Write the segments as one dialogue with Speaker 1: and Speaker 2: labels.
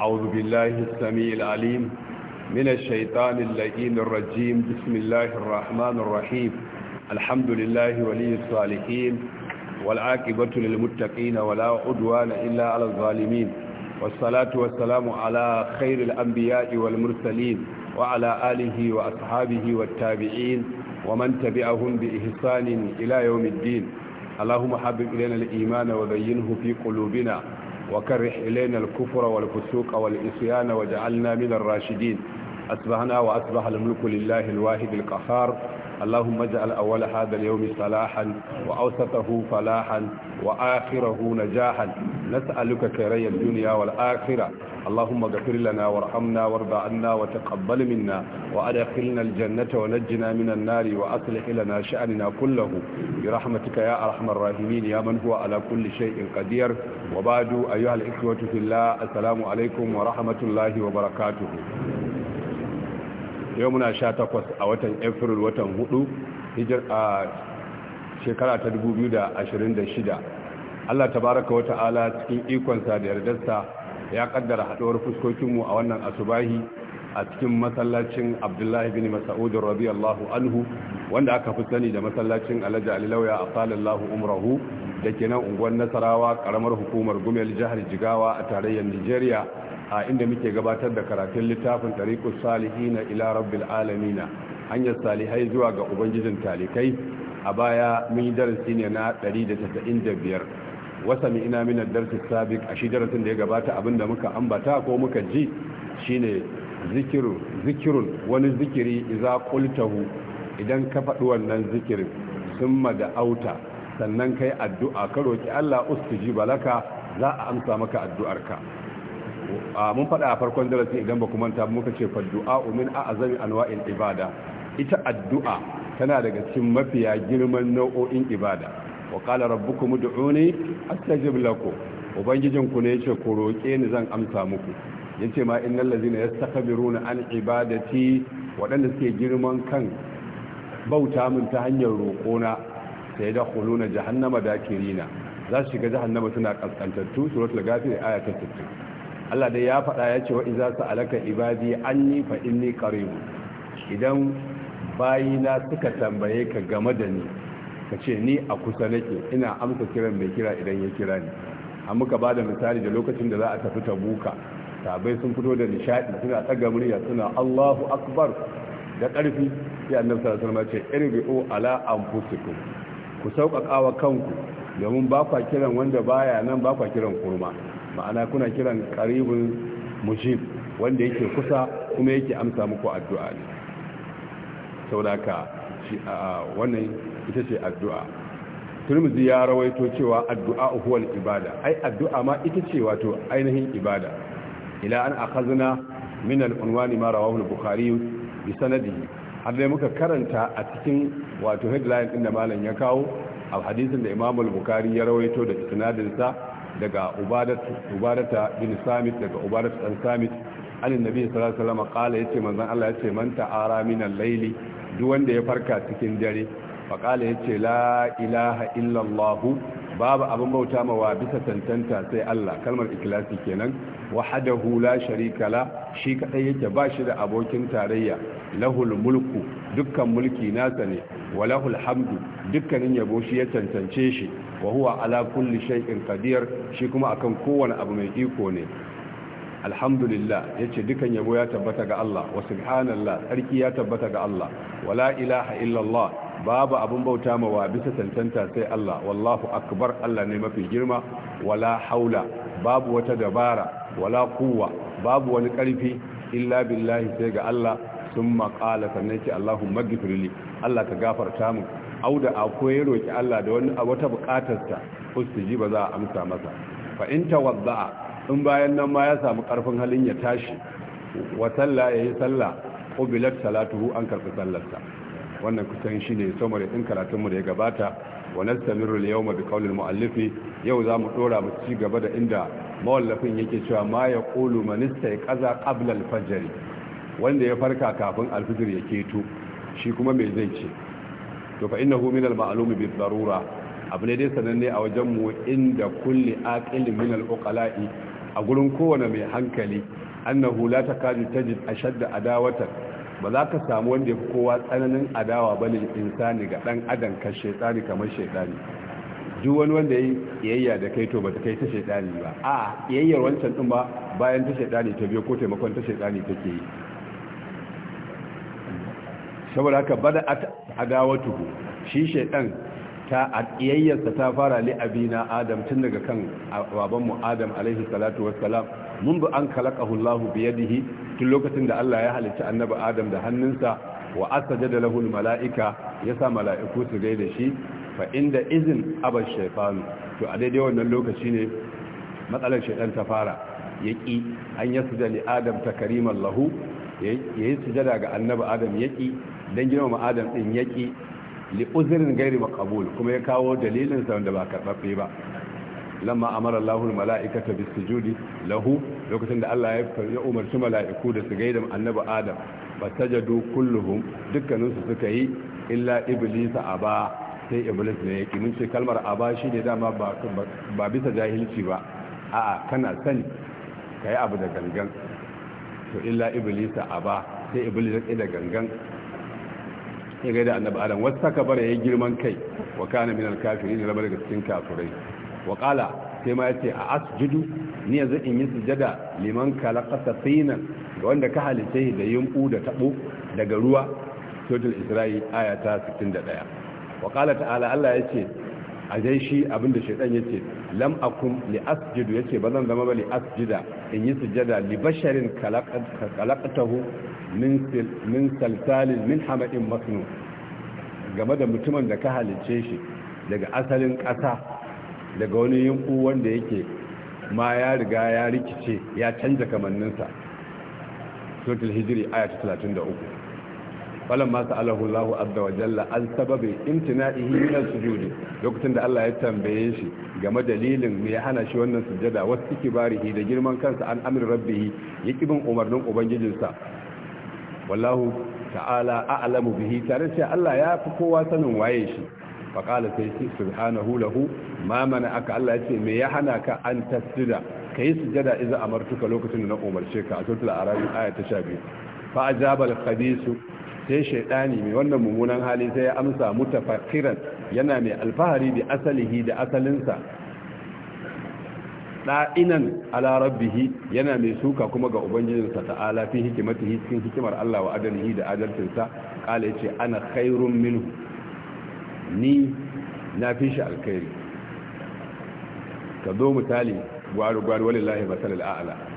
Speaker 1: أعوذ بالله السميع العليم من الشيطان اللئيم الرجيم بسم الله الرحمن الرحيم الحمد لله ولي الصالحين والعاقبة للمتقين ولا عدوان إلا على الظالمين والصلاة والسلام على خير الأنبياء والمرسلين وعلى آله وأصحابه والتابعين ومن تبعهم بإحسان إلى يوم الدين اللهم حبب إلينا الإيمان وبينه في قلوبنا وكره إلينا الكفر والفسوق والإسيان وجعلنا من الراشدين أصبحنا وأصبح الملك لله الواحد القهار اللهم اجعل أول هذا اليوم صلاحا وأوسطه فلاحا وآخره نجاحا نسألك كري الدنيا والآخرة اللهم اغفر لنا وارحمنا وارض عنا وتقبل منا وأدخلنا الجنة ونجنا من النار وأصلح لنا شأننا كله برحمتك يا أرحم الراحمين يا من هو على كل شيء قدير وبعد أيها الإخوة في الله السلام عليكم ورحمة الله وبركاته yau muna sha takwas a watan april watan hudu a shekara ta da da ashirin shida allah ta baraka wata ta'ala cikin ikonsa da yardarsa ya kaddara haduwar fuskokinmu a wannan asubahi a cikin masallacin abdullahi bin masaudin radiyallahu anhu wanda aka fi sani da masallacin alhaji alilauya a salallahu umrahu da ke nan unguwar nasarawa karamar hukumar gumel jihar jigawa a tarayyar nigeria a inda muke gabatar da karatun littafin tariqus salihina ila rabbil alamin hanyar salihai zuwa ga ubangijin talikai a baya mun yi darasi ne na 195 wasa mi ina min darasi sabiq a shi darasin da ya gabata abinda muka ambata ko muka ji shine zikiru zikirun wani zikiri idza qultahu idan ka faɗi wannan zikirin summa da auta sannan kai addu'a ka roki Allah ustujiba balaka za a amsa maka addu'arka mun faɗa a farkon darasi idan ba kuma ta muka ce fa du'a min a'zami anwa'il ibada ita addu'a tana daga cikin mafiya girman nau'o'in ibada wa qala rabbukum ud'uni astajib lakum ubangijin ku ne yace ku roke ni zan amsa muku yace ma innal ladzina yastakbiruna an ibadati wadanda suke girman kan bauta min ta hanyar na? sai da khuluna jahannama dakirina za su shiga jahannama suna kaskantattu suratul ghafir aya Allah dai ya faɗa ya ce wa iza alaka ibadi anni fa inni qarib idan bayina suka tambaye ka game da ni ka ce ni a kusa nake ina amsa kiran mai kira idan ya kira ni an muka ba misali da lokacin da za a tafi tabuka sabai sun fito da nishadi suna tsaga murya suna Allahu akbar da ƙarfi sai annabi sallallahu alaihi wasallam ce irbi'u ala anfusikum ku sauƙaƙawa kanku domin ba kwa kiran wanda baya nan ba kwa kiran kurma ma'ana kuna kiran qaribul mujib wanda yake kusa kuma yake amsa muku addu'a ne saboda wannan ita ce addu'a turmizi ya rawaito cewa addu'a huwal ibada ai addu'a ma ita ce wato ainihin ibada ila an akhazna min al-unwani ma rawahu al-bukhari bi sanadihi har dai muka karanta a cikin wato headline din da malam ya kawo a hadisin da Imam al-Bukhari ya rawaito da isnadin sa daga ubadata bin samit daga ubadat dan samit anin nabi sallallahu alaihi wasallam kala yace manzon Allah yace man ta'ara min al-layli duk wanda ya farka cikin dare fa kala yace la ilaha illa babu abin bauta ma wa bisa tantanta sai Allah kalmar ikhlasi kenan wahdahu la sharika la shi kadai yake ba shi da abokin tarayya lahul mulku dukkan mulki nasa ne wa lahul hamdu dukkanin yabo shi ya tantance shi wa huwa ala kulli shay'in qadir shi kuma akan kowane abu mai iko ne alhamdulillah yace dukan yabo ya tabbata ga Allah wa subhanallah sarki ya tabbata ga Allah wala ilaha illallah babu abun bauta ma wa bisa tantanta sai Allah wallahu akbar Allah ne mafi girma wala haula babu wata dabara wala kuwa babu wani karfi illa billahi sai ga Allah summa qala sannan ce Allahumma ghfirli Allah ka gafarta mu auda akwai ya roki Allah da wani wata bukatarsa ustaji ba za a amsa masa fa in tawadda in bayan nan ma ya samu ƙarfin halin ya tashi wa salla yayi salla qubilat salatuhu an karɓi sallarsa wannan kusan shine summary din karatun mu da ya gabata wa nastamiru al-yawma bi qawli al-mu'allifi yau zamu dora mu ci gaba da inda mawallafin yake cewa ma yaqulu man istayqaza qabla al-fajr wanda ya farka kafin al-fajr ya keto shi kuma me zai ce to fa innahu min al-ma'lum bi darura abu ne dai sananne a wajen mu inda kulli aqil min al-uqala'i a gurin kowane mai hankali annahu la takadu tajid ashadda adawata ba za ka samu wanda yafi kowa tsananin adawa bane insani ga dan adam ka shaytani kamar shaytani duk wani wanda yayi yayya da kai to ba ta kai ta shaytani ba a yayyar wancan din ba bayan ta shaytani ta biyo ko taimakon ta shaytani take yi saboda haka bada adawatuhu shi shaitan ta aqiyayyarsa ta fara li abina adam tun daga kan baban mu adam alaihi salatu wassalam mundu an khalaqahu Allahu bi yadihi tun lokacin da Allah ya halicci annabi adam da hannunsa wa asjada lahu al malaika yasa malaiku su gaida shi fa inda izin aba shaytan to a daidai wannan lokaci ne matsalar shaitan ta fara yaki an yasjada li adam takrimallahu yayi sujada ga annabi adam yaki don girmama adam din yaki li uzrin gairi makabul kuma ya kawo dalilin sa wanda ba karɓaɓɓe ba lamma amara Allahu al-mala'ikata bis-sujudi lahu lokacin da Allah ya umarci mala'iku da su gaida annabi Adam fasajadu kulluhum dukkanin su suka yi illa iblis aba sai iblis ne yake mun ce kalmar aba shi ne, dama ba ba bisa jahilci ba a'a kana sani kai abu da gangan to illa iblis aba sai iblis ya da gangan ya gaida annabi adam wasu saka bara ya girman kai wa kana minal ne rabar daga cikin kafirai wa kala sai ma yace a asjudu ni yanzu in yi sujada liman kasa sinan ga wanda ka halice da yumbu da tabo daga ruwa suratul isra'i aya ta 61 wa kala ta'ala Allah yace a dai shi abinda shaitan yace lam akum li asjudu yace ba zan zama ba li asjida in yi sujada li basharin kalakatahu min salsalin min hamadin masnu game da mutumin da ka halice shi daga asalin ƙasa daga wani yinku wanda yake ma ya riga ya rikice ya canza kamanninsa suratul talatin da 33 falamma sa'alahu Allahu azza wa jalla an sababi imtina'ihi min as-sujudi lokacin da Allah ya tambaye shi game dalilin me ya hana shi wannan sujada wasu kibarihi da girman kansa an amri rabbihi ya kibin umarnin ubangijinsa wallahu ta'ala a'lamu bihi tare sai Allah ya fi kowa sanin waye shi fa qala sai subhanahu lahu ma mana aka Allah ya ce me ya hana ka an tasjuda kai sujada idza amartuka lokacin da na umarce ka a suratul a'raf aya ta 12 fa ajaba al-khabisu sai shaidani mai wannan mummunan hali sai ya amsa mutafakiran yana mai alfahari da asalihi da asalinsa ɗa'inan ala yana mai suka kuma ga ubangijinsa ta'ala alafi hikimata cikin hikimar Allah wa adalihi da adalcinsa ya yace ana khairun minu ni na fi shi alkhairi ka zo misali gwari gwari walillahi masalal a'la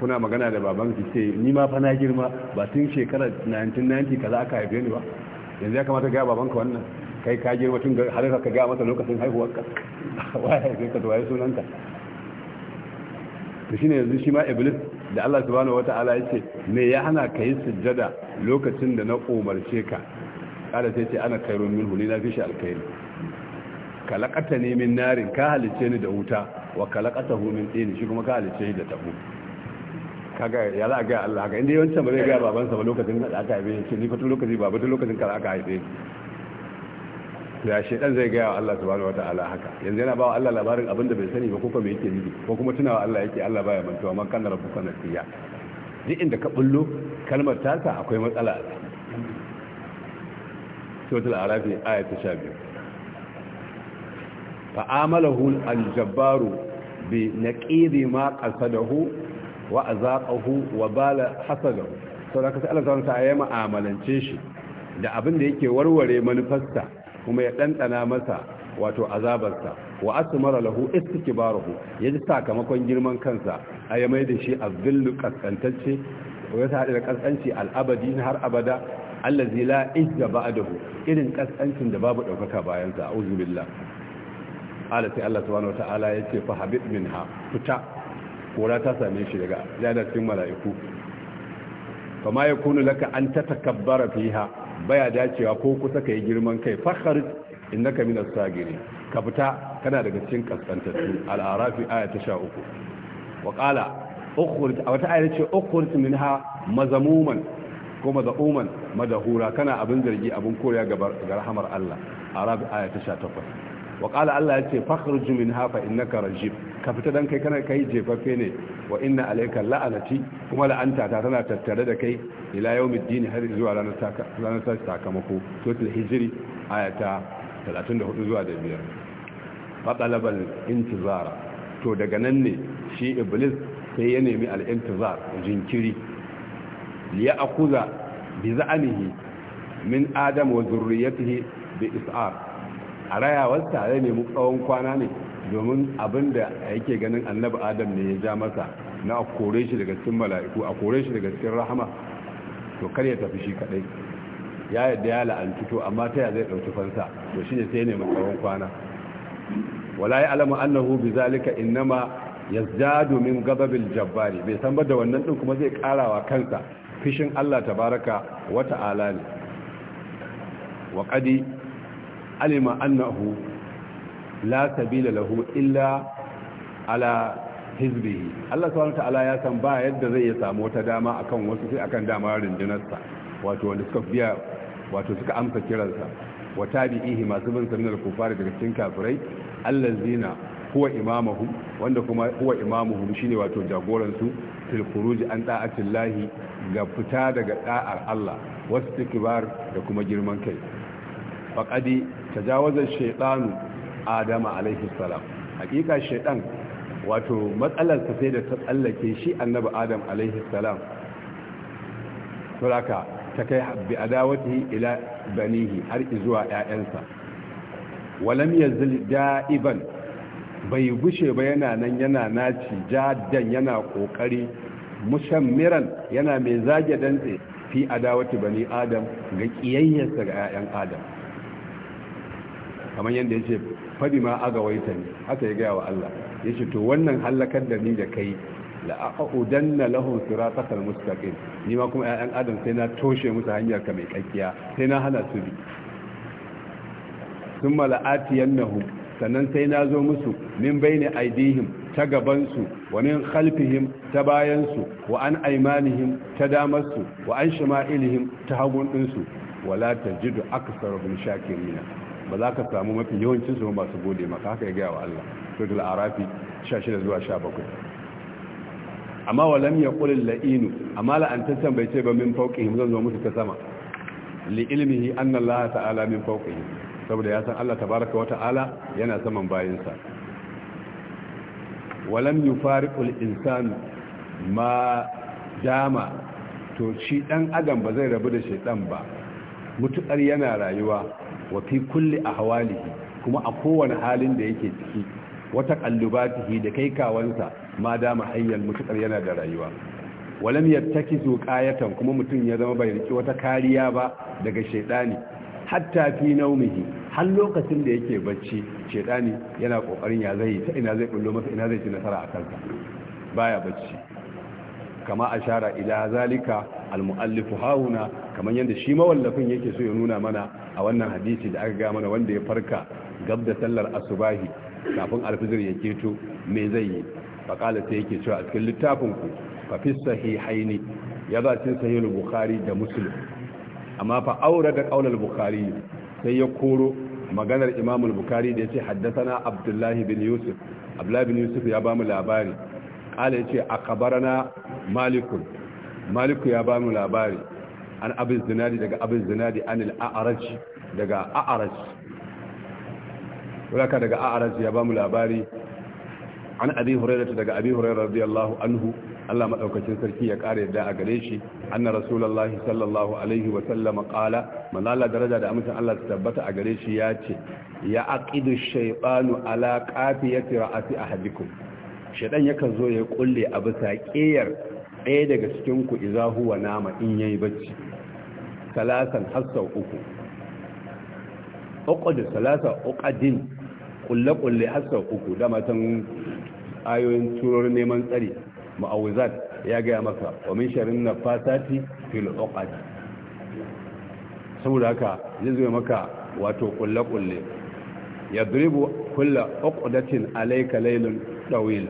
Speaker 1: kuna magana da baban ki ce ni ma fa na girma ba tun shekarar 1990 kaza aka haife ni ba yanzu ya kamata ga baban ka wannan kai ka girma tun har ka ga masa lokacin haihuwar ka waye sai ka dawo sunan ka to shine yanzu shi ma iblis da Allah subhanahu wataala yace me ya hana ka yi sujjada lokacin da na umarce ka kada sai ce ana khairun minhu ni na fi shi alkhairi kalakata ne min narin ka halice ni da wuta wa kalakata hu min tsini shi kuma ka halice ni da tabu kaga ya za a gaya Allah haka inda yawancin ba zai gaya babansa ba lokacin da aka haife shi ni fata lokaci ba fata lokacin kar aka haife ya shedan zai gaya wa Allah subhanahu wataala haka yanzu yana bawa Allah labarin abinda da bai sani ba ko kuma yake nufi ko kuma tunawa Allah yake Allah baya mantuwa man kana rabbuka nasiya duk inda ka bullo kalmar ta ta akwai matsala a ciki suratul arafi aya ta 12 fa amalahu al-jabbaru bi naqidi ma qasadahu wa wa bala hasadahu sau da Allah ya ma'amalance shi da abin da yake warware manufarsa kuma ya dandana masa wato azabarsa wa asmara lahu Ya ji sakamakon girman kansa a ya mai da shi azzillu kaskantacce ya sa ƙasƙanci kaskanci al'abadi har abada allazi la izza dahu, irin ƙasƙancin da babu ɗaukaka bayansa. sa a'udhu billah Allah sai Allah subhanahu wa ta'ala ce fa habib minha fita kora ta same shi daga yana cikin mala'iku kama ya kunu laka an ta takabbara fiha baya dacewa ko kusa ka yi girman kai fakhar innaka min as-sagiri ka fita kana daga cikin kaskantattu al-arafi aya ta 13 wa qala ukhrij aw ta ayati ukhrij minha mazamuman ko mazamuman madahura kana abin zargi abin koriya ga rahamar Allah arafi aya ta takwas. wa qala Allah yace fakhruj minha fa innaka rajim ka fita dan kai kana kai jefaffe ne wa inna alayka la'anati kuma la'anta ta tana tattare da kai ila dini har zuwa ranar taka sakamako suratul hijiri ayata 34 zuwa da 5 fa intizara to daga nan ne shi iblis sai ya nemi al'intizar jinkiri liya akuza bi za'anihi min adam wa zurriyatihi bi is'ar a wata ya nemi tsawon kwana ne domin abin da yake ganin annabi adam ne ya ja masa na a kore shi daga cikin mala'iku a kore shi daga cikin rahama to kar ya tafi shi kadai ya yadda ya la'anci to amma ta ya zai dauki fansa to shi ne sai ne tsawon kwana wala ya alamu annahu bi zalika innama yazdadu min ghadabil jabbari bai san ba da wannan din kuma zai karawa kansa fishin Allah tabaraka wa ta'ala ne wa qadi alima annahu la sabila lahu illa ala hizbihi Allah subhanahu ta'ala ya san ba yadda zai ya samu wata dama akan wasu sai akan dama rundunarsa wato wanda suka biya wato suka amsa kiransa wa tabi'ihi masu bin sunnar kufar daga cikin kafirai allazina huwa imamuhum wanda kuma huwa imamuhum shine wato jagoransu su fil khuruj an da'atillahi ga fita daga da'ar Allah wasu tikbar da kuma girman kai faƙadi ta jawazar shaidanu adama alaihi salam hakika shaiɗan wato matsalarsa sai da ta tsallake shi annabi adam alaihi salam suraka ta kai bi adawati ila banihi har zuwa 'ya'yansa. walam yazil da'iban bai gushe ba yana nan yana naci jaddan yana kokari mushammiran yana mai zage dantse fi adawati bani adam ga kiyayyarsa ga ƴaƴan adam kamar yadda ya ce fadi ma ga waita ne haka ya gaya wa Allah ya ce to wannan hallakar da ni da kai la'aƙa'udan na lahun sura ta ni ma kuma 'ya'yan adam sai na toshe musu hanyar ka mai ƙaƙiya sai na hana su bi sun mala'ati yannahu sannan sai na zo musu min bai ne aidihim ta gabansu wa min khalfihim ta bayansu wa an aimanihim ta damarsu wa an shima'ilihim ta hagun ɗinsu wala ta jidu aksar bin shakirina ba za ka samu mafi yawancin su masu gode maka haka ya gaya wa Allah suratul arafi 16 zuwa 17 amma lam yaqul al-la'inu amma tantan bai ce ba min fawqihim zan zo musu ta sama li ilmihi anna Allah ta'ala min fawqihim saboda ya san Allah tabaaraka wa ta'ala yana saman sa wa lam yufariqul insanu ma dama to shi dan adam ba zai rabu da shaytan ba mutukar yana rayuwa wa fi kulli ahwalihi kuma a kowane halin da yake ciki wata kallubatihi da kai kawansa ma dama hayyan mutakar yana da rayuwa walam yattakizu qayatan kuma mutum ya zama bai riki wata kariya ba daga shedani hatta fi nawmihi har lokacin da yake bacci shedani yana kokarin ya zai ta ina zai bullo masa ina zai ci nasara a kanta, baya bacci kama ashara ila zalika almuallifu hauna kamar yadda shi mawallafin yake so ya nuna mana a wannan hadisi da aka ga mana wanda ya farka gabda da sallar asubahi kafin alfijir ya keto me zai yi faqala sai yake cewa a cikin littafin ku fa fi sahihaini ya ba cikin sahihul bukhari da muslim amma fa aura da qaulul bukhari sai ya koro maganar imamul bukhari da yace haddathana abdullahi bin yusuf abdullahi bin yusuf ya bamu labari kala yace akabarana malikun maliku ya bamu labari an abin zinadi daga abin zinadi anil a'raj daga a'raj wala daga a'raj ya bamu labari an abi hurairah daga abi hurairah radiyallahu anhu Allah maɗaukacin sarki ya kare yadda a gare shi na rasulullahi sallallahu alaihi wa sallam qala man Allah daraja da amincin Allah ta tabbata a gare shi ya ce ya aƙidu shaiɓanu ala qafiyati a ahadikum shaɗan yakan zo ya kulle a bisa ƙeyar ɗaya daga cikin ku iza huwa nama in ya yi bacci salasan hassau uku ƙwaƙwada salasa ƙwaƙadin ƙulle-ƙulle hassau uku da matan ayoyin turar neman tsari ma'auzat ya gaya maka ƙwamin min na fasati fil uqad saboda haka zai zo maka wato ƙulle-ƙulle kulle yadribu kulla uqdatin alayka laylun dawil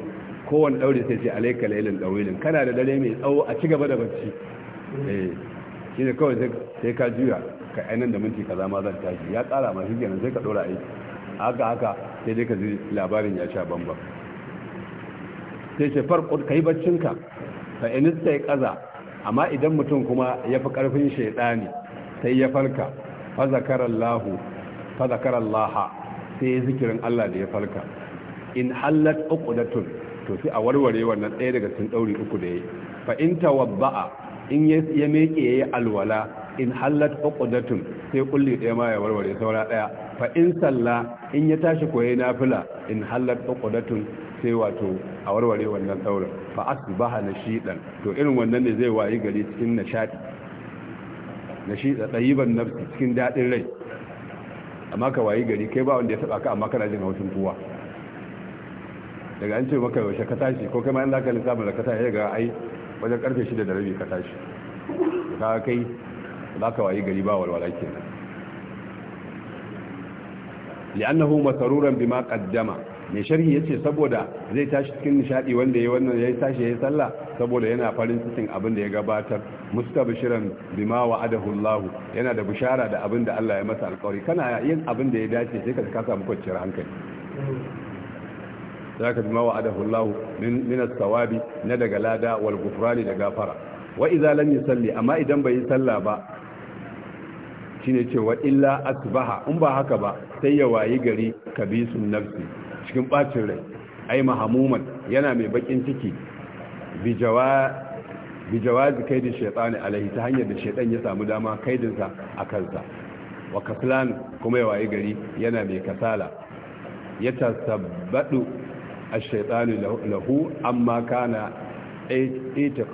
Speaker 1: kowane daure sai ce alaika lailin dawilin kana da dare mai tsawo a ci gaba da bacci eh shi ne kawai sai ka juya ka ainihin da minti kaza ma zan tashi ya tsara ma shi sai ka dora aiki haka haka sai dai ka ji labarin ya sha bamba sai ce farko kai baccinka fa inista ya kaza amma idan mutum kuma ya fi karfin shaidani sai ya farka fa zakarallahu fa zakarallaha sai ya zikirin Allah da ya farka in hallat uqdatun to sai a warware wannan ɗaya daga cikin ɗauri uku da ya fa in tawabba'a in ya meke yayi alwala in hallat uqdatun sai kulli ɗaya ma ya warware saura ɗaya fa in salla in ya tashi koyi nafila in hallat uqdatun sai wato a warware wannan ɗaurin fa asbaha nashidan to irin wannan ne zai wayi gari cikin nishadi nashida tsayiban nafsi cikin daɗin rai amma ka wayi gari kai ba wanda ya saba ka amma kana jin hausin tuwa daga an ce maka yaushe ka tashi ko kai ma in zaka lissafa da ka tashi ga ai wajen karfe 6 da rabi ka tashi ka kai zaka wayi gari ba walwala kenan li'annahu masaruran bima qaddama mai sharhi yace saboda zai tashi cikin nishadi wanda yayi wannan yayi tashi yayi sallah saboda yana farin cikin abin da ya gabatar mustabshiran bima wa'adahu Allah yana da bishara da abin da Allah ya masa alƙawari kana yin abin da ya dace sai ka ka samu kwanciyar hankali zaka bi ma wa'adahu Allah min as-sawabi na daga lada wal gufrani da gafara wa idza lam yusalli amma idan bai yi sallah ba shine cewa illa asbaha in ba haka ba sai ya wayi gari kabisun nafsi cikin bacin rai ai mahamuman yana mai bakin ciki bi jawa bi jawazi kaidin shaytani alaihi ta hanyar da shaytan ya samu dama kaidinsa a kansa wa kuma ya wayi gari yana mai kasala ya tasabbadu ash-shaytanu lahu amma kana ita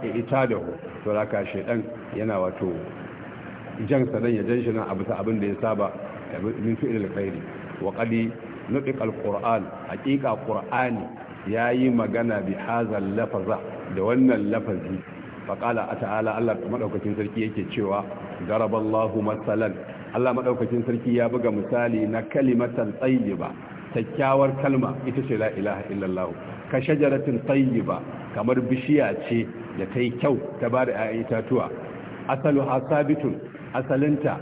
Speaker 1: ita da hu to raka shaytan yana wato jan sanan ya jan nan abu abin da ya saba min fi'il al-khairi wa qad nutiq quran haqiqa qur'ani yayi magana bi hazal da wannan lafazi faƙala a ta'ala Allah maɗaukacin sarki yake cewa daraballahu matsalan Allah maɗaukacin sarki ya buga misali na kalimatan tsayi ba kyakkyawar kalma ita ce la ilaha illallah ka shajaratin tayyiba kamar bishiya ce da ta kyau ta ba da ‘ya'yan itatuwa asalu hasabitun asalinta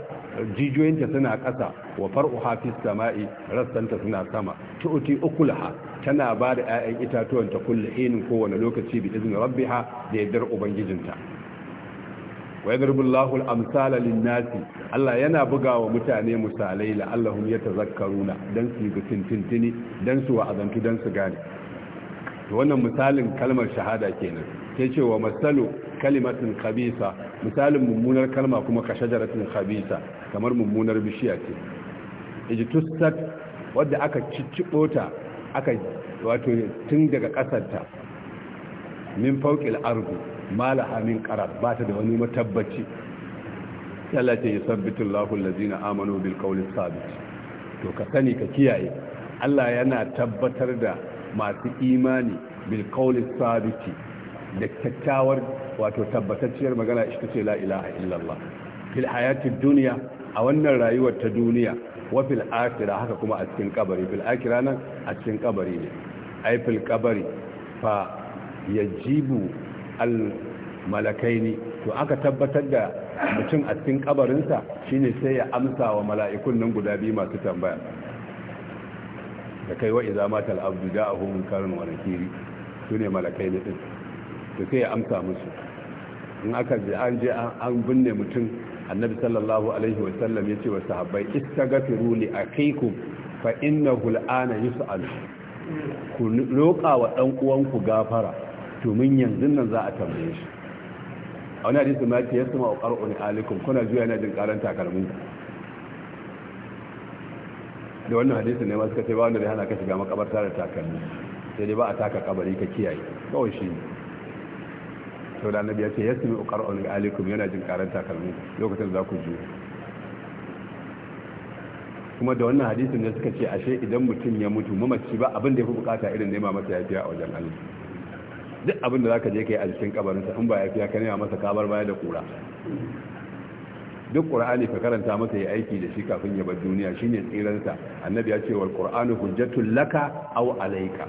Speaker 1: jijiyoyinta suna ƙasa wa far'uha fi sama'i rassanta suna sama tuuti ukulha tana ba da ‘ya'yan itatuwan ta kulle hin kowane lokaci bi izinin rabbiha da yardar ubangijinta wa yadribu Allahu al-amsala lin-nasi Allah yana bugawa mutane misalai la'allahum yatazakkaruna dan su yi tintintini dan su wa'azantu dan su gane to wannan misalin kalmar shahada kenan sai ce wa masalu kalimatin khabisa misalin mummunar kalma kuma ka shajaratin khabisa kamar mummunar bishiya ce ijtusat wanda aka ciccibo ta aka wato tun daga kasarta min fawqil ardh malahamin amin ba ta da wani matabbaci Allah ya yusabbitu Allahu allazina amanu bil qawli to ka sani ka kiyaye Allah yana tabbatar da masu imani bil sabiti da kyakkyawar wato tabbatacciyar magana ita ce la ilaha illallah fil duniya, a wannan rayuwar ta duniya wa fil akhirah haka kuma a cikin kabari fil akhirah nan a cikin kabari ne ai fil kabari fa yajibu al-malakaini to aka tabbatar da mutum a cikin kabarinsa shine sai ya amsa wa mala'ikun nan guda biyu masu tambaya da kai wa idza matal abdu min munkarun wa nakiri sune malakaini din to sai ya amsa musu in aka je an je an binne mutum annabi sallallahu alaihi wa sallam yace wa sahabbai istaghfiru li akikum fa innahu al'ana yus'al ku roƙa wa dan uwanku gafara domin yanzu nan za a tambaye shi a wani hadisi ma ce yasma wa qara'un alikum kuna juya yana jin karan takalmin da wannan hadisi ne ma suka ce ba wanda zai hana ka shiga makabarta da takalmi sai dai ba a taka kabari ka kiyaye kawai shi To da annabi ya ce yasma wa qara'un alikum yana jin karan takalmin lokacin za ku juya kuma da wannan hadisin ne suka ce ashe idan mutum ya mutu mamaci ba abin da ya fi bukata irin nema masa yafiya a wajen Allah duk abin da za ka je ka yi a jikin kabarinsa in ba ya fiya ka nema masa kabar baya da kura duk ƙura'ani ka karanta masa ya aiki da shi kafin ya bar duniya shine tsiransa annabi ya ce wal qur'anu hujjatul laka aw alayka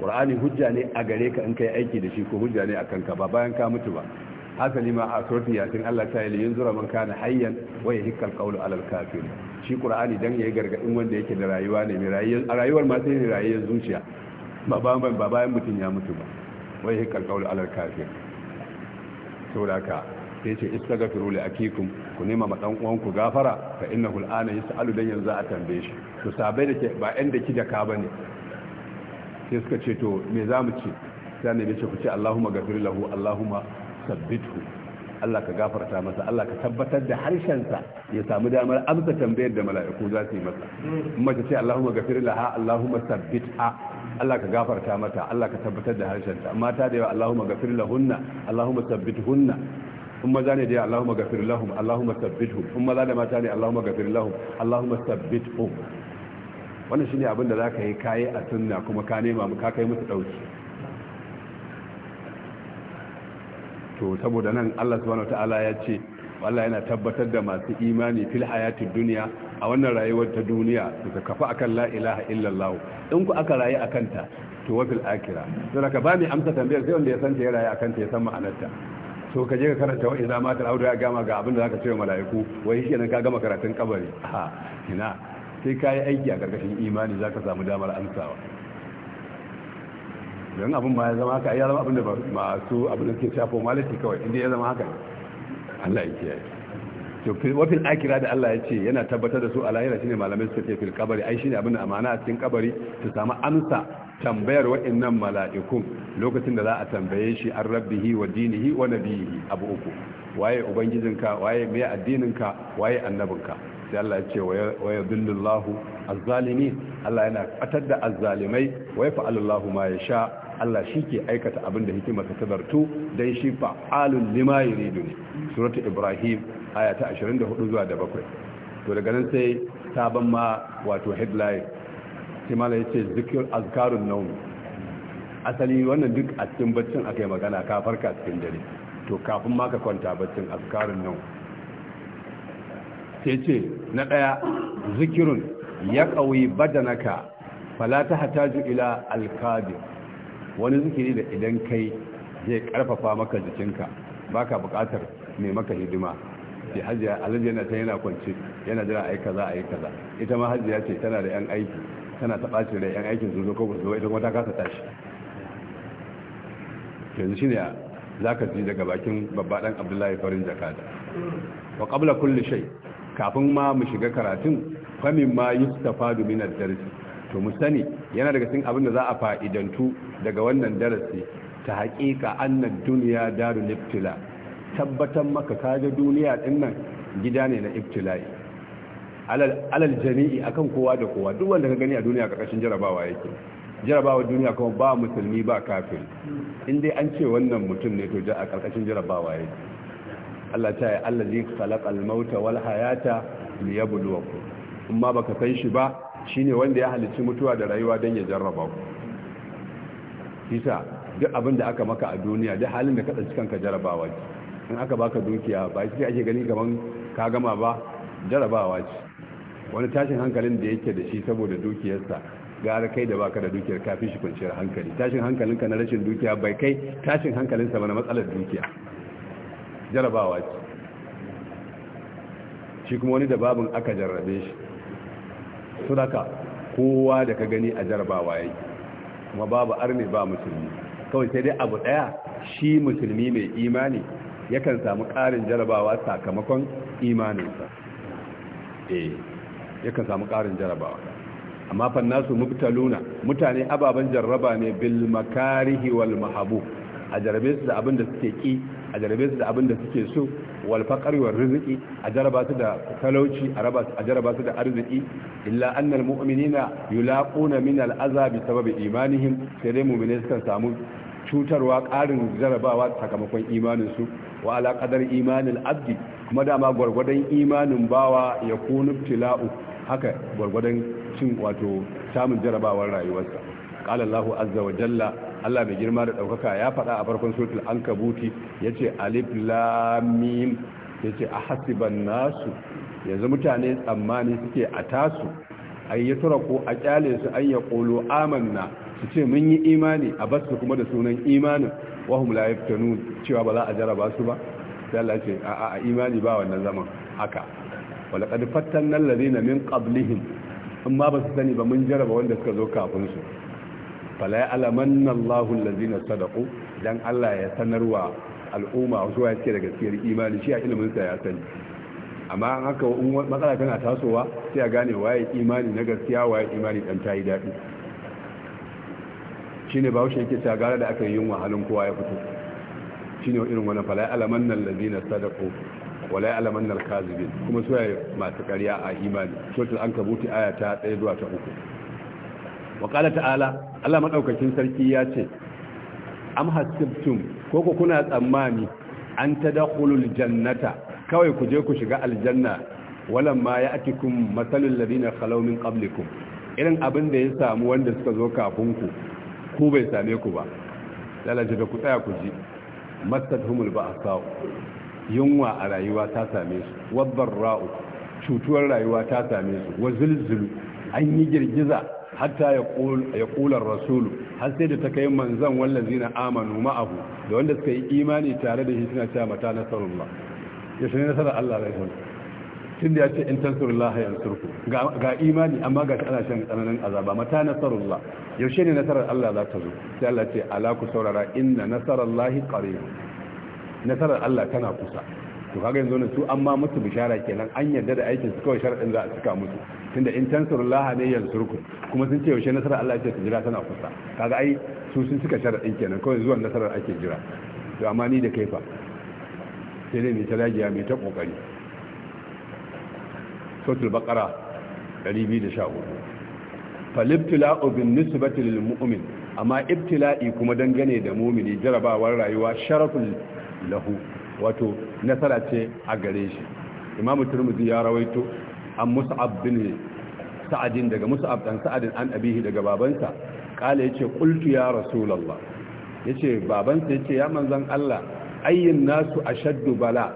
Speaker 1: qur'ani hujja ne a gare ka in kai aiki da shi ko hujja ne akan ka ba bayan ka mutu ba hasali ma a ya yasin Allah ta yi zura man kana hayyan wa yahikkal qawlu alal kafir shi qur'ani dan yayi gargadin wanda yake da rayuwa ne mai rayuwar ma sai rayuwar zuciya ba bayan mutum ya mutu ba wai yi alal alar kafin ka sai ce isa ga firuli a kikun ku nema ma ɗan gafara ka inna hul'ana yi sa'alu don yanzu a tambaye shi to sabai da ke ba yan da ki da ka ba ne sai suka ce to me za mu ce sai ne ce ku ce allahumma gafir lahu allahumma sabbithu Allah ka gafarta masa Allah ka tabbatar da harshensa ya samu damar amsa tambayar da mala'iku za su yi masa mace ce allahumma gafirlaha, laha allahumma sabbitha Allah ka gafarta mata Allah ka tabbatar da harshenta mata da yawa Allahumma gafir lahunna Allahumma hunna, in maza ne da yawa Allahumma gafir lahum Allahumma sabbithum in maza da mata ne Allahumma gafir lahum Allahumma sabbithum wannan shine abin da zaka yi kai a sunna kuma ka nema ka kai musu dauki to saboda nan Allah subhanahu wataala ya ce Allah yana tabbatar da masu imani fil hayatid dunya a wannan rayuwar ta duniya suka kafa akan la ilaha illallah in ku aka rayu akan ta to wa akira, akhirah ka ba ni amsa tambayar sai wanda ya san ta ya rayu akan ta ya san ma'anarta to ka je ka karanta wa idza matal audu ya gama ga abin da zaka ce wa malaiku wai shi ka gama karatun kabari ha ina sai ka yi aiki a karkashin imani zaka samu damar amsawa don abin ma ya zama haka ya zama abin da masu abin da ke shafo malaki kawai inda ya zama haka Allah ya kiyaye to wafin akira da Allah ya ce yana tabbatar da su a lahira shine malamai su ce fil kabari ai shine abin da amana a cikin kabari su samu amsa tambayar wa'annan mala'ikun lokacin da za a tambaye shi an rabbihi wa dinihi wa nabiyihi abu uku waye ubangijinka waye mai addininka waye annabinka sai Allah ya ce wa yadullahu az Allah yana fatar da az-zalimai wa yaf'alullahu ma yasha Allah shi ke aikata abin da hikimarsa ta zartu dan shi fa'alul lima yuridu ne suratul ibrahim aya ta 24 zuwa da bakwai to daga nan sai sabon ma wato headline sai mala ya ce zikir azkarun naun asali wannan duk a cikin baccin aka yi magana ka farka cikin dare to kafin ma ka kwanta baccin azkarun naun sai ce na ɗaya zikirun ya ƙauyi badanaka falata hataju ila alkadi wani zikiri da idan kai zai ƙarfafa maka jikinka baka buƙatar mai maka hidima ce hajiya alhaji yana ta yana kwance yana jira a yi kaza a yi kaza ita ma hajiya ce tana da yan aiki tana ta ɓace da yan aikin zuzo ko kusurwa ita kuma ta kasa tashi yanzu shine za ka ji daga bakin babba ɗan abdullahi farin jakada wa ƙabla kulli shai kafin ma mu shiga karatun famin ma yi ta fadu min darasi to mu sani yana daga cikin abin da za a fa'idantu daga wannan darasi ta haƙiƙa annad duniya darul ibtila tabbatar maka kaga duniya din nan gida ne na ibtila'i alal jami'i akan kowa da kowa duk wanda ka gani a duniya karkashin jarabawa yake jarabawa duniya kuma ba musulmi ba kafin in dai an ce wannan mutum ne to ja a karkashin jarabawa yake Allah ta yi allazi khalaqal mauta wal hayata liyabluwakum amma baka san shi ba shine wanda ya halicci mutuwa da rayuwa dan ya jarraba ku kisa duk abin da aka maka a duniya duk halin da ka tsinci kanka jarabawa in aka baka dukiya ba shi ake gani kamar ka gama ba jarabawa ce wani tashin hankalin da yake da shi saboda dukiyarsa gara kai da baka da dukiyar kafin shi kwanciyar hankali tashin hankalinka na rashin dukiya bai kai tashin hankalinsa sa na matsalar dukiya jarabawa ce shi kuma wani da aka jarrabe shi su daga kowa da ka gani a jarabawa yake kuma babu arne ba musulmi kawai sai dai abu daya shi musulmi mai imani yakan samu ƙarin jarabawa sakamakon imaninsa eh yakan samu ƙarin jarabawa amma fa nasu mubtaluna mutane ababen jarraba ne bil makarihi wal mahabu a jarabe su da abin da suke ki a jarabe su da abin da suke so wal faqri wal riziki, a jaraba su da talauci a raba a jaraba su da arziki illa anna al mu'minina yulaquna min al azabi sababi imanihim sai dai mu'mine suka samu cutarwa ƙarin jarabawa sakamakon imaninsu wa ala imanin abdi kuma dama gwargwadon imanin bawa ya kunu tila'u haka gwargwadon cin wato samun jarabawar rayuwarsa ƙala allahu azza wa jalla Allah mai girma da ɗaukaka. ya faɗa a farkon suratul ya ce alif ya ce a hasiban nasu yanzu mutane tsammani suke a tasu ay ko a kyale su an yaqulu amanna su ce mun yi imani a basu kuma da sunan imanin wahum la yaftanu cewa ba za a jaraba su ba sai Allah ce a a imani ba wannan zaman haka wala qad fattanna alladhina min qablihim amma ba su sani ba mun jaraba wanda suka zo kafin su fala alamanna Allahu alladhina sadaqu dan Allah ya sanarwa al'umma zuwa yake da gaskiyar imani shi a ilimin sa ya sani amma an haka matsala tana tasowa sai a gane waye imani na gaskiya waye imani dan tayi dadi shine ba wuce yake ta gara da aka yi yunwa halin kowa ya fito shine irin wani falai alaman nan ladina sadaqu wala alaman nan kazibin kuma su masu karya a imani an ka aya ta tsaye zuwa ta uku. wa ta'ala Allah ɗaukacin sarki ya ce am hasibtum ko ku kuna tsammani an ta tadkhulul jannata kawai ku je ku shiga aljanna walamma ya'tikum masalul ladina khalaw min qablikum irin abin da ya samu wanda suka zo kafin ku. ku bai same ku ba lalace da ku tsaya ku ji mastat humul ba a sa'u yunwa a rayuwa ta same su wabbar ra'u cutuwar rayuwa ta same su wa zulzulu an yi girgiza hatta ya kular rasulu har sai da ta kai manzan wallazina na amanu ma'ahu da wanda suka yi imani tare da shi suna cewa mata nasarullah ya shi nasarar Allah laifin tun da ya ce in laha ya turku ga imani amma ga ana shan tsananin azaba mata nasarullah yaushe ne nasarar Allah za ta zo sai Allah ce ala ku saurara inna lahi qarib nasarar Allah tana kusa to kaga yanzu na su amma musu bishara kenan an yadda da aikin su kawai sharaɗin za a cika musu tunda in laha ne turku kuma sun ce yaushe nasarar Allah ce su jira tana kusa kaga ai su sun cika sharaɗin kenan kawai zuwan nasarar ake jira to amma ni da kaifa sai dai mai ta dagiya mai ta ƙoƙari. sautul bakara 214 falibtila'u bin nisbati lil mu'min amma ibtila'i kuma dangane da mumini jarabawar rayuwa sharafin lahu wato nasara ce a gare shi imamu turmuzi ya rawaito an mus'ab bin sa'adin daga mus'ab dan sa'adin an abihi daga babansa kala yace qultu ya rasulullah yace babansa yace ya manzon Allah ayyin nasu ashaddu bala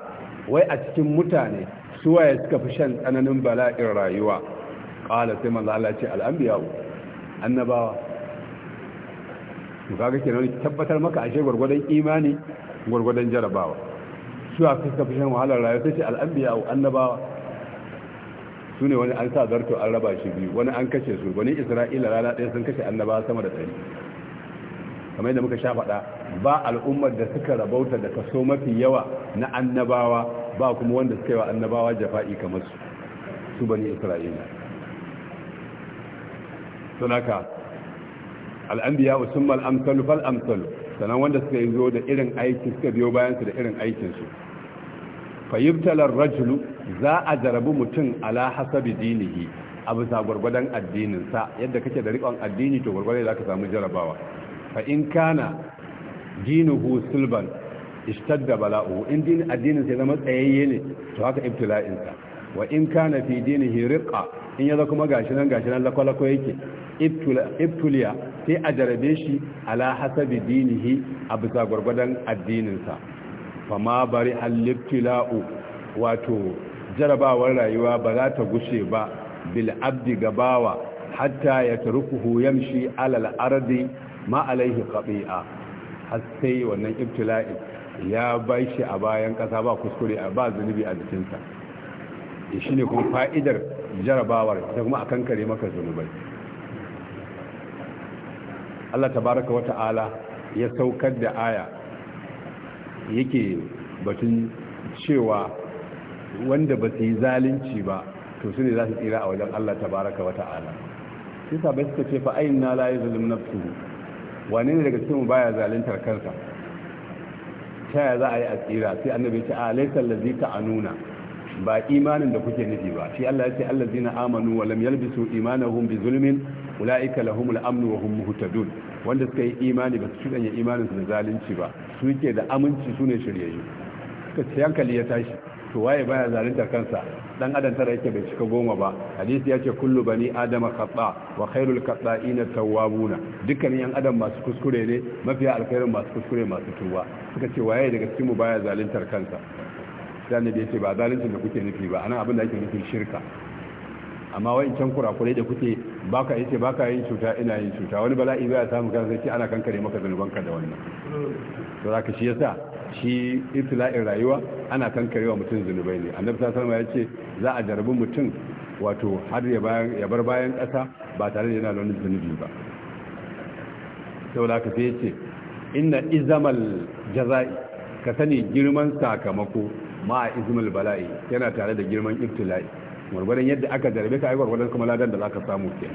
Speaker 1: wai a cikin mutane waye suka fi shan tsananin bala'in rayuwa ƙala sai manzo Allah ce al'anbiya annabawa to kaga kenan tabbatar maka ashe gurgurdan imani gurgurdan jarabawa suwa suka fi shan wahalar rayuwa sai ce al'anbiya annabawa su ne wani an sa zarto an raba shi biyu wani an kashe su wani isra'ila rana ɗaya sun kashe annabawa sama da ɗari kamar yadda muka sha faɗa ba al'ummar da suka rabauta da kaso mafi yawa na annabawa ba kuma wanda suka yi wa annabawa jafa'i kamar su su bani isra'ila sunaka al'ambiya usum al'amsalu fal amsalu sannan wanda suka yi zo da irin aiki suka biyo bayansu da irin aikinsu. su fayyibtalar rajulu za a jarabi mutum ala hasabi dinihi a bisa gwargwadon addininsa yadda kake da riƙon addini to gwargwadon za ka samu jarabawa fa in kana dinuhu silban ishtadda bala'u in din addinin sai zama tsayayye ne to haka ibtila'in sa wa in kana fi dinihi riqa in yaza kuma gashi nan gashi nan yake ibtuliya sai a jarabe shi ala hasabi dinihi a bisa gwargwadon addinin sa bari al-ibtila'u wato jarabawar rayuwa ba za ta gushe ba bil abdi gabawa hatta ya tarukuhu yamshi alal ardi ma alaihi qabi'a har wannan ibtila'in ya bai shi a bayan kasa ba kuskure ba zunubi a jikinsa e, shi ne kuma fa'idar jarabawar ta kuma a kankare maka zunubai Allah tabaraka wa ta'ala ya saukar da aya yake batun cewa wanda ba su yi zalunci ba to su ne za su tsira a wajen Allah tabaraka wa ta'ala sai sabai suka ce fa'ayin na layi zulum nafsu wane ne daga cikin baya zaluntar kansa ta za a yi asira sai annabi ce a laisa allazi ta'anuna ba imanin da kuke nufi ba shi Allah ya ce zina amanu wa lam yalbisu imanahum bi zulmin ulaika lahumul amnu wa hum muhtadun wanda suka yi imani ba su tudanya imanin su da zalunci ba su ke da aminci su ne shiryayyu suka ce hankali ya tashi to waye baya zalunta kansa dan adam tara yake bai cika goma ba hadisi yace kullu bani adama khata wa khairul qata'ina tawwabuna dukkanin yan adam masu kuskure ne mafiya alkhairin masu kuskure masu tuba suka ce waye daga cikin mu baya zaluntar kansa dan da yace ba zalunci da kuke nufi ba anan abin da ake nufi shirka amma wayancan kurakurai da kuke baka yace baka yin cuta ina yin cuta wani bala'i ba ya samu kan sai ana kankare maka zanubanka da wannan to zaka shi yasa shi itla'in rayuwa ana wa mutum zanubai ne annabi sallallahu alaihi wasallam yace za a jarabi mutum wato har ya bar bayan kasa ba tare da yana da wani zanubi ba to da ka sai inna izamal jaza'i ka sani girman sakamako ma a bala'i yana tare da girman ibtila'i gwargwadon yadda aka jarabe ka ai gwargwadon kuma ladan da ka samu ke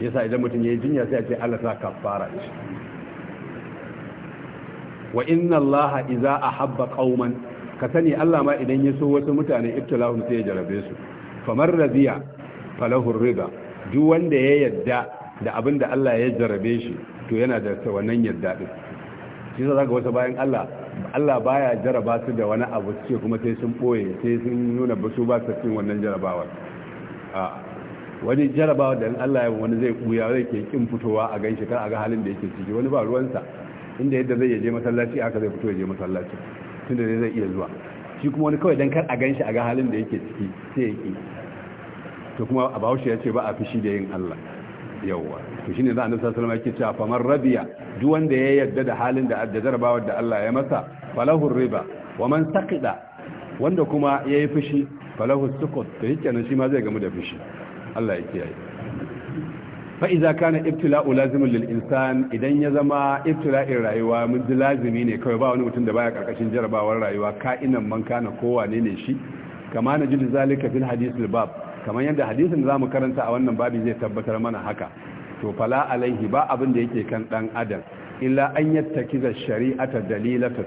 Speaker 1: yasa idan mutum ya yi jinya sai a ce Allah ta kafara ce wa inna Allah a habba qauman ka sani Allah ma idan ya so wasu mutane ibtilahum sai ya jarabe su famar radiya falahun riga duk wanda ya yadda da abin da Allah ya jarabe shi to yana da wannan yadda din shi wasu bayan Allah Allah baya jaraba su da wani abu ce kuma sai sun boye sai sun nuna ba su ba su cikin wannan jarabawar wani jarabawar da Allah ya wani zai ɓuya zai ke kin fitowa a ganshi kar a ga halin da yake ciki wani ba ruwansa inda yadda zai je masallaci aka zai fito ya je masallaci tunda zai iya zuwa shi kuma wani kawai dan kar a ganshi a ga halin da yake ciki sai ya yake to kuma a bahaushe ya ce ba a fishi da yin Allah yawwa to shine za a nasa sallama yake cewa famar rabiya duk wanda ya yarda da halin da da jarabawar da Allah ya masa falahu riba wa man saqida wanda kuma yayi fushi falahu sukut to yake nan shi ma zai gamu da fushi Allah ya kiyaye fa idza kana ibtila'u lazimun lil insan idan ya zama ibtila'in rayuwa mun ji lazimi ne kawai ba wani mutum da baya karkashin jarabawar rayuwa ka'inan man kana kowa ne ne shi kama na jin zalika fil hadith bab kamar yadda hadisin za mu karanta a wannan babi zai tabbatar mana haka to fala alaihi ba abin da yake kan dan adam illa an da shari'ata dalilatan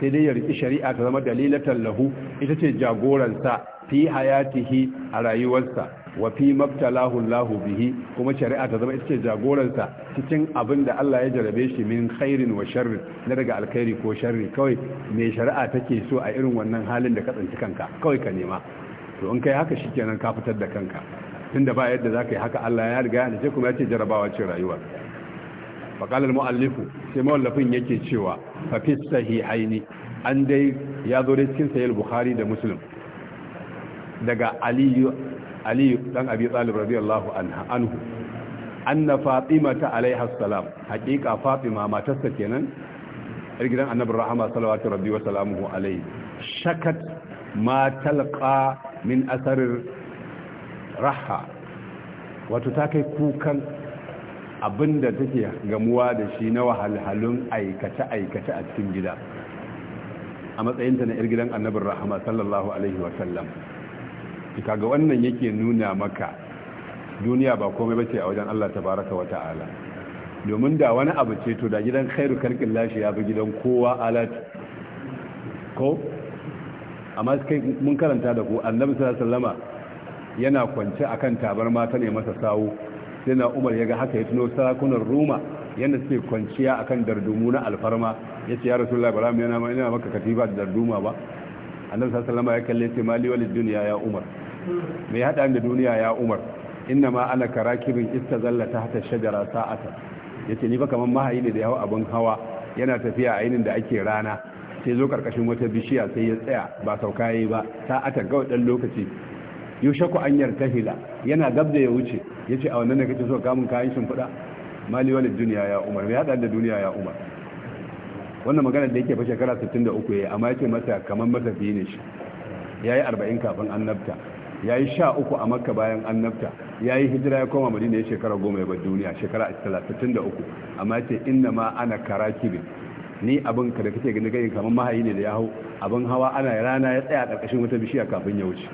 Speaker 1: sai dai yarki shari'a ta zama dalilatan lahu ita ce jagoransa fi hayatihi a rayuwarsa wa fi mabtalahu Allah bihi kuma shari'a ta zama ita ce jagoransa cikin abin da Allah ya jarabe shi min khairin wa sharri na daga alkhairi ko sharri kawai me shari'a take so a irin wannan halin da ka tsinci kanka kawai ka nema to in kai haka shikenan ka fitar da kanka tunda ba yadda zaka yi haka Allah ya riga ya ce kuma yace ce jarabawa ce rayuwa qala al-muallifu sai mawallafin yake cewa fa fi sahihaini an dai ya zo da cikin sahih bukhari da muslim daga aliyu ali dan abi talib radiyallahu anhu anna fatimata alaiha salam haqiqa fatima matarsa kenan irgidan annabi rahama sallallahu alaihi wasallam shakat ma talqa min asarin raha wato ta kai kukan abinda take gamuwa da shi na wahalhalun aikace-aikace a cikin gida a matsayinta na 'yar gidan annabin rahama sallallahu alaihi wasallam ga wannan yake nuna maka duniya ba komai bace a wajen Allah tabaraka wa ta'ala domin da wani abu ce to da gidan khairu karkin lashi ya bi gidan kowa alat ko amma kai mun karanta da ku annabi sallallahu yana kwance akan tabarma ta ne masa sawu sai na umar ya ga haka ya tuno sarakunan roma yana suke kwanciya akan dardumu na alfarma ya ce ya rasulullahi bara yana ma ina maka katiba da darduma ba annabi sallallahu alaihi ya kalle ce mali wal dunya ya umar me ya hada da duniya ya umar inna ma ana karakibin istazalla tahta shajara sa'ata yace ni ba kaman mahayi ne da yawa abun hawa yana tafiya a yinin da ake rana sai zo karkashin wata bishiya sai ya tsaya ba sauka yi ba ta ata ga wadan lokaci yushaku an yartahila yana gab da ya wuce yace a wannan ne kace so kamun kayan shimfiɗa mali wal duniya ya umar ya da duniya ya umar wannan magana da yake fa shekara 63 yayi amma yace masa kaman matafi ne shi yayi 40 kafin annabta yayi 13 a makka bayan annabta yayi hijira ya koma madina ya shekara 10 ya bar duniya shekara 63 amma yace inna ma ana karakibin ni abin ka da kake gani gani kamar mahayi ne da ya hau abin hawa ana rana ya tsaya karkashin wata bishiya kafin ya wuce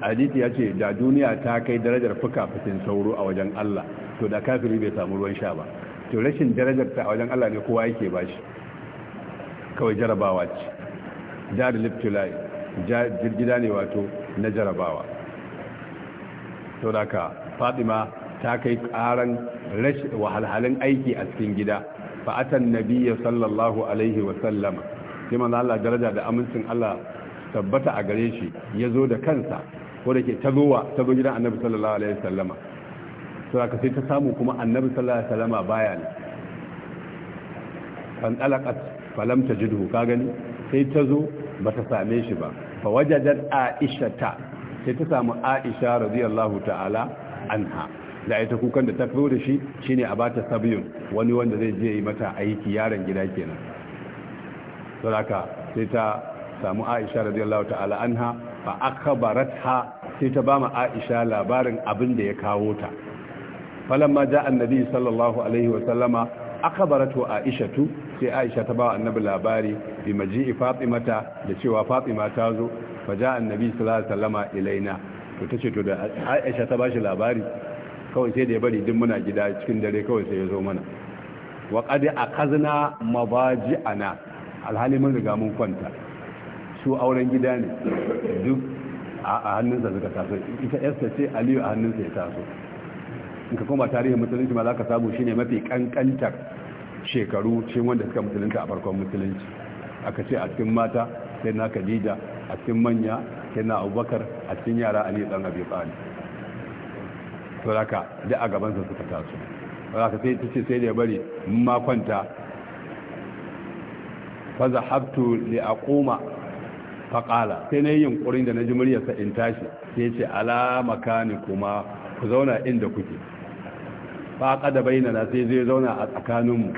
Speaker 1: hadisi ya ce da duniya ta kai darajar fuka fitin sauro a wajen Allah to da kafiri bai samu ruwan sha ba to rashin darajar ta a wajen Allah ne kowa yake ba shi kawai jarabawa ce jari liptulai jirgida ne wato na jarabawa to da ka fadima ta kai karan wahalhalin aiki a cikin gida Fa'atan nabiya sallallahu alaihi wasallama shi sai Allah daraja da amincin Allah tabbata a gare shi ya zo da kansa ko da ke tazowa tazo gidan annabi sallallahu alaihi wasallama sallama to sai ta samu kuma annabi sallallahu alaihi wasallama baya ne kan talaqat falam jidu ka gani sai ta zo same shi ba aisha ta sai ta samu aisha ta'ala anha da ita kukan da ta fito da shi shine a bata sabiyun wani wanda zai je yi mata aiki yaron gida kenan saboda sai ta samu Aisha radiyallahu ta'ala anha fa ha sai ta bama Aisha labarin abin da ya kawo ta falamma ja annabi sallallahu alaihi wa sallama akhbaratu Aishatu sai Aisha ta bawa annabi labari bi maji'i Fatimata da cewa Fatima ta zo fa ja annabi sallallahu alaihi wa sallama ilaina to tace to da Aisha ta bashi labari kawai sai da ya bari duk muna gida cikin dare kawai sai ya zo mana wa qadi akazna mabaji'ana alhali mun riga mun kwanta su auren gida ne duk a hannunsa suka taso ita yarsa ce aliyu a hannunsa ya taso in ka koma tarihin musulunci ma za ka samu shine mafi kankantar shekaru cikin wanda suka musulunta a farkon musulunci aka ce a cikin mata sai na khadija a cikin manya sai na abubakar a cikin yara ali dan abi talib sauraka da a gabansa suka taso sauraka sai ta ce sai da ya bari ma kwanta fa zahabtu li aquma fa qala sai na yi yunkurin da na ji muryarsa in tashi sai ya ce ala makani kuma ku zauna inda kuke fa qada bainana sai zai zauna a tsakaninmu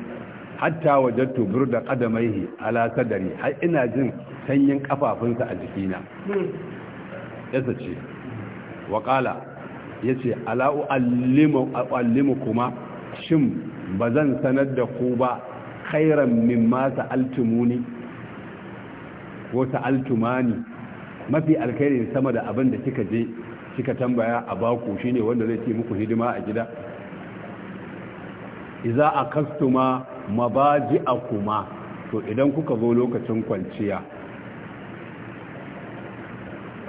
Speaker 1: hatta wajattu burda qadamaihi ala sadari har ina jin sanyin kafafunsa a jikina hmm. yasa ce wa ya ce ala'u allimu kuma shin ba zan sanar da ku ba khairan min mata altumuni ko altumani mafi alkhairi sama da abin da kika je kika tambaya a baku shine wanda zai ce muku hidima a gida iza a ma ba ji a kuma to idan kuka zo lokacin kwanciya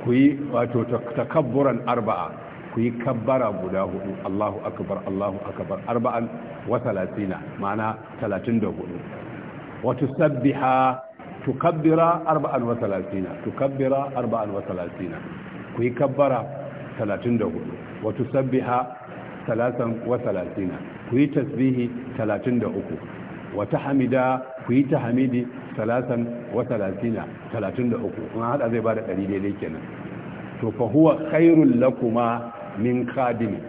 Speaker 1: ku yi wato takabburan arba'a ku yi kabbara guda hudu Allahu akabar, Allahu akabar. arba'an wa talatina ma'ana talatin da Wata wa tusabbiha tukabbira arba'an wa talatina tukabbira arba'an wa talatina ku yi kabbara talatin da 34 wa tusabbiha talatan wa talatina ku yi tasbihi talatin da uku. Wata hamida, ku yi ta hamidi talatan wa talatina uku. kun haɗa zai bada ɗari daidai kenan to fa huwa khairul lakuma min kadimi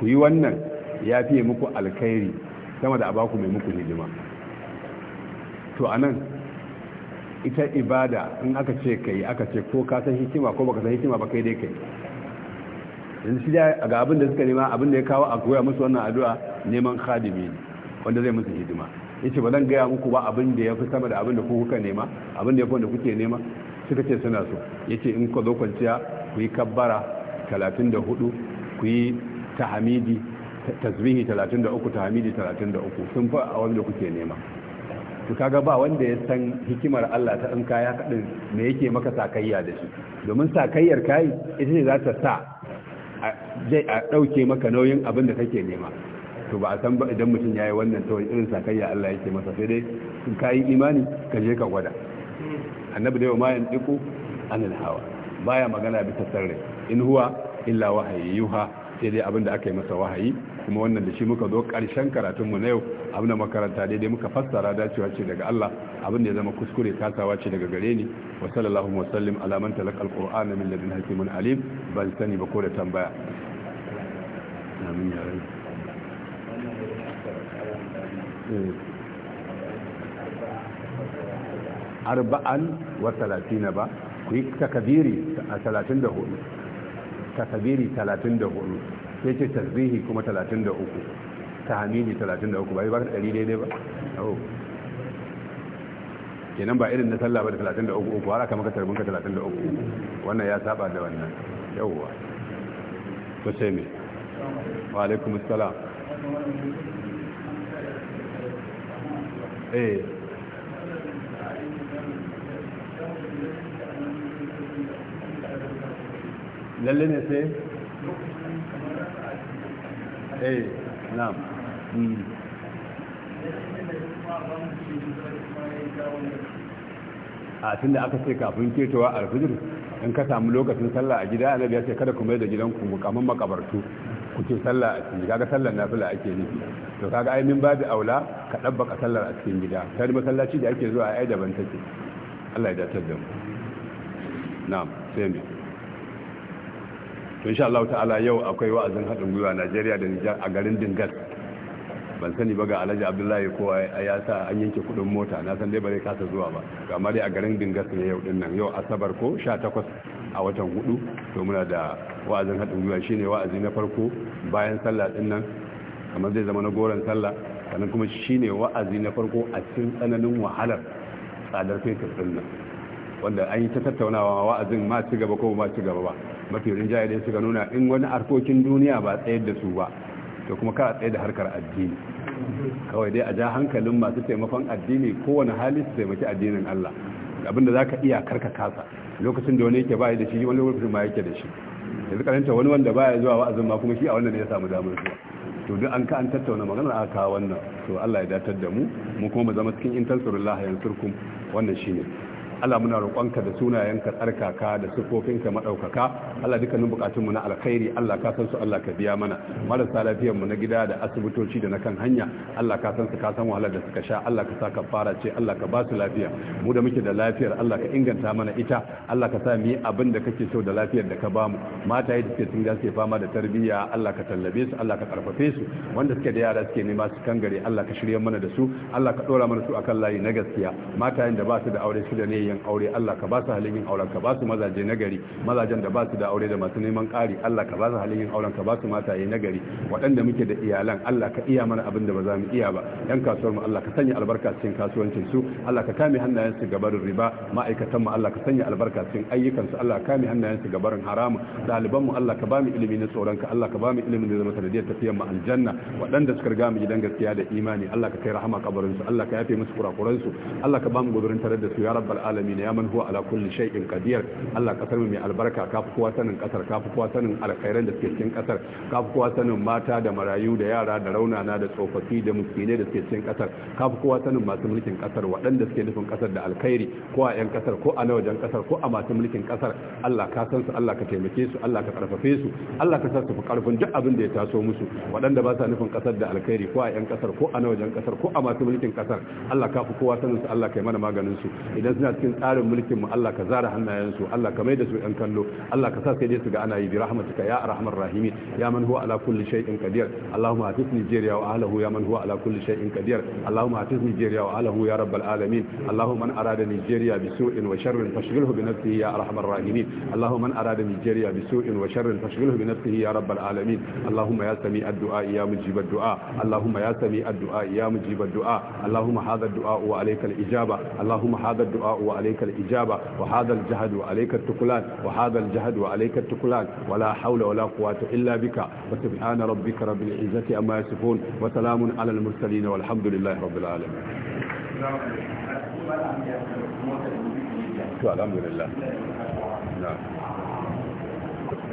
Speaker 1: ku yi wannan ya fiye muku alkhairi sama da abaku mai muku hidima to anan ita ibada in aka ce kai aka ce ko ka san hikima ko baka san hikima ba kai dai kai yanzu shi ga abin da suka nema abin da ya kawo a koya musu wannan addu'a neman khadimi ne wanda zai musu hidima yace ba zan gaya muku ba abin da ya fi sama da abin da ku kuka nema abin da ya fi wanda kuke nema suka ce suna so yace in ku zo kwanciya ku yi kabbara 34 ku yi tahamidi tasbihi 33 tahamidi 33 sun fa a wanda kuke nema to kaga ba wanda ya san hikimar Allah ta in kaya kadin me yake maka sakayya da shi domin sakayyar kai ita ce za ta sa a dauke maka nauyin abin da kake nema to ba a san ba idan mutum yayi wannan to irin sakayya Allah yake masa sai dai in kai imani ka je ka gwada annabi da yau ma diku anil hawa baya magana bisa tasarruf in huwa illa wahayi yuha sai dai abinda aka yi masa wahayi kuma wannan da shi muka zo karshen karatun mu na yau abin da makaranta daidai muka fassara dacewa ce daga Allah abinda ya zama kuskure kasawa ce daga gare ni wa sallallahu wa sallim ala man talaqa alquran min ladin hakimun alim ban sani ba ko da tambaya amin ya eh. arba'an wa 30 ba ku yi takabiri a 34 takabiri 34 sai ce tasbihi kuma 33 talatin 33 bai ba ka dari daidai ba Ke kenan ba irin na sallah ba da 33 uku har aka maka talatin ka 33 wannan ya saba da wannan yauwa to sai mai. wa alaikum assalam eh lalle ne sai eh na'am hmm. a tun da aka ce kafin ketowa alfijir in ka samu lokacin sallah a gida anabi ya ce kada ku mai da gidan gidanku mukamman makabartu ku ce sallah a cikin kaga sallar nafila ake nufi to kaga ai min babu aula ka dabbaka sallar a cikin gida ta masallaci da ake zuwa ai daban take Allah ya datar da mu na'am sai mai to insha Allah ta'ala yau akwai wa'azin haɗin gwiwa a Najeriya da Nijar a garin Dingal ban sani ba ga Alhaji Abdullahi kowa ya sa an yanke kuɗin mota na san dai ba zai kasa zuwa ba amma dai a garin Dingal ne yau din nan yau Asabar ko 18 a watan hudu to muna da wa'azin haɗin gwiwa shine wa'azi na farko bayan sallah din nan kamar zai zama na goron sallah sannan kuma shine wa'azi na farko a cikin tsananin wahalar tsadar fetur din nan wanda an yi ta tattaunawa wa'azin ma ci gaba ko ma ci gaba ba mafi rinjaye dai suka nuna in wani harkokin duniya ba tsayar da su ba to kuma ka tsaye da harkar addini kawai dai a ja hankalin masu taimakon addini kowane hali su taimaki addinin Allah abinda za ka iya karka kasa lokacin da wani yake ba da shi wani lokacin ma yake da shi yanzu karanta wani wanda ya zuwa wa'azin ma kuma shi a wannan ne ya samu damar zuwa to duk an ka an tattauna maganar aka wannan to Allah ya datar da mu mu kuma mu zama cikin in yanzu yansurkum wannan shine Allah muna roƙonka da sunayenka tsarkaka da sufofinka maɗaukaka Allah dukkanin bukatunmu na alkhairi Allah ka san su Allah ka biya mana marasa lafiyar mu na gida da asibitoci da na kan hanya Allah ka san su ka san wahalar da suka sha Allah ka sa ka fara ce Allah ka ba su lafiya mu da muke da lafiyar Allah ka inganta mana ita Allah ka sa mu yi abin da kake so da lafiyar da ka ba mu mata yi suke tun suke fama da tarbiyya Allah ka tallabe su Allah ka karfafe su wanda suke da yara suke nema su kangare Allah ka shirye mana da su Allah ka dora mana su akan layi na gaskiya mata da ba su da aure su da ne yin aure Allah ka ba su halin yin auren ka ba su mazaje na gari mazajen da ba su da aure da masu neman ƙari Allah ka ba su halin yin auren ka ba su mataye na gari waɗanda muke da iyalan Allah ka iya mana abin da ba za mu iya ba yan kasuwar mu Allah ka sanya albarka cikin kasuwancin su Allah ka kame hannayen su gabarin riba ma'aikatan mu Allah ka sanya albarka cikin ayyukan su Allah ka kame hannayen su gabarin haramu ɗaliban mu Allah ka ba mu ilimi na tsoron ka Allah ka ba mu ilimin da zama sanadiyar tafiyar mu aljanna waɗanda suka riga mu gidan gaskiya da imani Allah ka kai rahama kabarin su Allah ka yafe musu kurakuran su Allah ka ba mu gudurin tare da su ya rabbal alamin ya man huwa ala kulli shay'in qadir Allah kasar mu mai albarka ka fi kowa sanin kasar ka fi kowa sanin alkhairan da suke cikin kasar ka fi kowa sanin mata da marayu da yara da raunana da tsofaffi da muskine da suke cikin kasar ka fi kowa sanin masu mulkin kasar waɗanda suke nufin kasar da alkhairi ko a yan kasar ko a na wajen kasar ko a masu mulkin kasar Allah ka san su Allah ka taimake su Allah ka karfafe su Allah ka sa su karfin duk abin da ya taso musu waɗanda ba sa nufin kasar da alkhairi ko a yan kasar ko a na wajen kasar ko a masu mulkin kasar Allah ka fi kowa sanin su Allah kai mana maganin su idan suna cikin tsarin mulkin mu Allah ka zara hannayensu Allah ka mai da su yan kallo Allah ka sa sai dai su ga ana yi bi rahmatuka ya arhamar rahimi ya man huwa ala kulli shay'in qadir Allahumma atis Nigeria wa ahlihi ya man huwa ala kulli shay'in qadir Allahumma atis Nigeria wa ahlihi ya rabbal alamin Allahumma man arada Nigeria bi su'in wa sharrin fashghilhu bi nafsihi ya arhamar rahimin Allahumma man arada Nigeria bi su'in wa sharrin fashghilhu bi nafsihi ya rabbal alamin Allahumma ya sami ad ya mujib ad Allahumma ya sami ad ya mujib ad Allahumma hadha ad wa alayka al-ijaba Allahumma hadha ad wa وعليك الإجابة وهذا الجهد وعليك التكلان وهذا الجهد وعليك التكلان ولا حول ولا قوة إلا بك وسبحان ربك رب العزة أما يصفون وسلام على المرسلين والحمد لله رب العالمين الحمد لله نعم